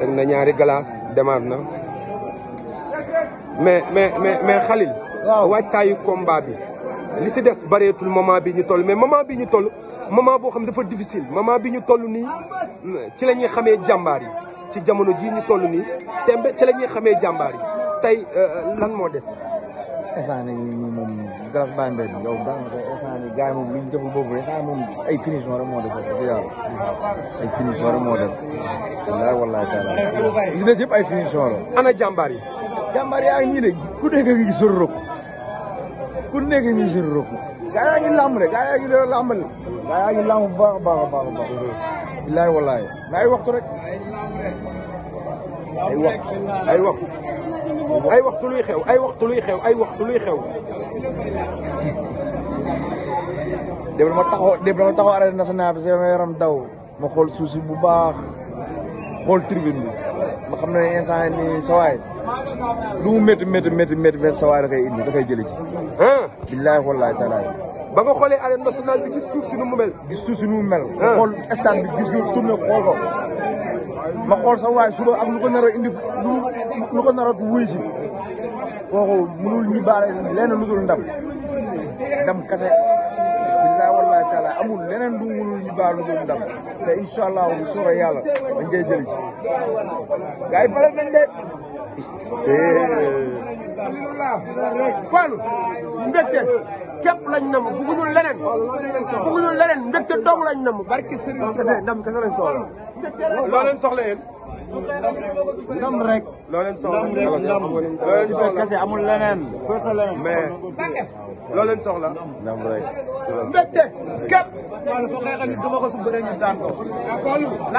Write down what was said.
teg na ñaari glace demaat na mais mais mais mais Khalil. waaw waajtaayu combat bi. li si des bareetul moment bi ñu toll mais moment bi ñu toll moment boo xam dafa difficile moment bi ñu toll nii ci la ñuy xamee jàmbaar yi ci jamono jii ñu toll nii tembe ci la ñuy xamee jàmbaar yi tey euh, lan moo des. instant yii nii moom glace baa mbay yow daanaka instant yii gars yi moom li ñu deful boobu instant moom ay finition rek moo des rek yàlla ay finition rek moo des. wallaahi wallaahi taala li des yëpp ay finition la. ana jàmbaar yi. jàmbaar yaa ngi nii de ku nekk ngi gis seen rëq ku nekk ngi gis seen rëq. gars yaa ngi làmb de gars yaa ngi làmb de gars yaa ngi làmb bu baax a baax a baax a baax. wallaahi wallaahi mais ay waxtu rek ay waxtu ay waxtu. ay waxtu luy xew ay waxtu luy xew ay waxtu luy xew. déglu ma taxaw déglu ma taxaw arène nationale yaram daw ma xool suuf bu baax xool tribune bi ma xam ne instant ni sa waay lu mu métti métti métti métti métti sa waay da koy indi da jëli. billaahi wallaahi taalaay. ba nga xoolee arène nationale bi gis suuf nu mu mel. gis suuf nu mu mel. ma xool stade bi gis nga tourné xool ko ma xool sa suba ak lu ko nar indi lu lu ko naroot wuy si kooku mënul ñi baale lenn lu dul ndam ndam kase billahi wallahi taala amul leneen du mënul ñi baale lu dul ndam te incha allah bu yàlla dañ koy jëli gars yi pare nañ de Fallou mbégte képp lañ nam bëgguñu leneen bëgguñu leneen mbégte dong lañ nam barki sëriñ kese ndam kese lañ soxla loo leen soxla yéen ndam rek. loo leen soxla ndam rek ndam. loo leen soxla kese amul leneen. kese leneen. mais loo leen soxla. ndam rek. mbégte képp. waaw su xeexee ñu duma ko su bëree ñu daan ko.